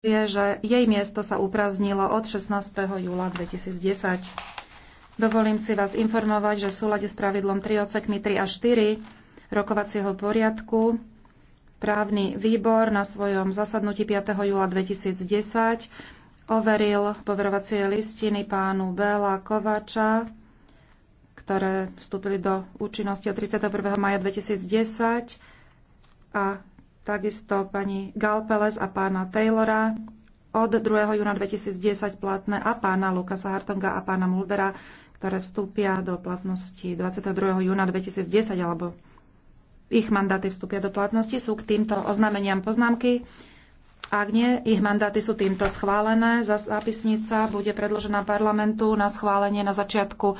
je, že jej miesto sa upraznilo od 16. júla 2010. Dovolím si vás informovať, že v súlade s pravidlom 3 odsekmi 3 a 4 rokovacieho poriadku právny výbor na svojom zasadnutí 5. júla 2010 overil poverovacie listiny pánu Béla Kovača, ktoré vstúpili do účinnosti od 31. maja 2010 a takisto pani Galpeles a pána Taylora od 2. júna 2010 platné a pána Lukasa Hartonga a pána Muldera, ktoré vstúpia do platnosti 22. júna 2010 alebo ich mandáty vstúpia do platnosti, sú k týmto oznámeniam poznámky. Ak nie, ich mandáty sú týmto schválené. Zápisnica bude predložená parlamentu na schválenie na začiatku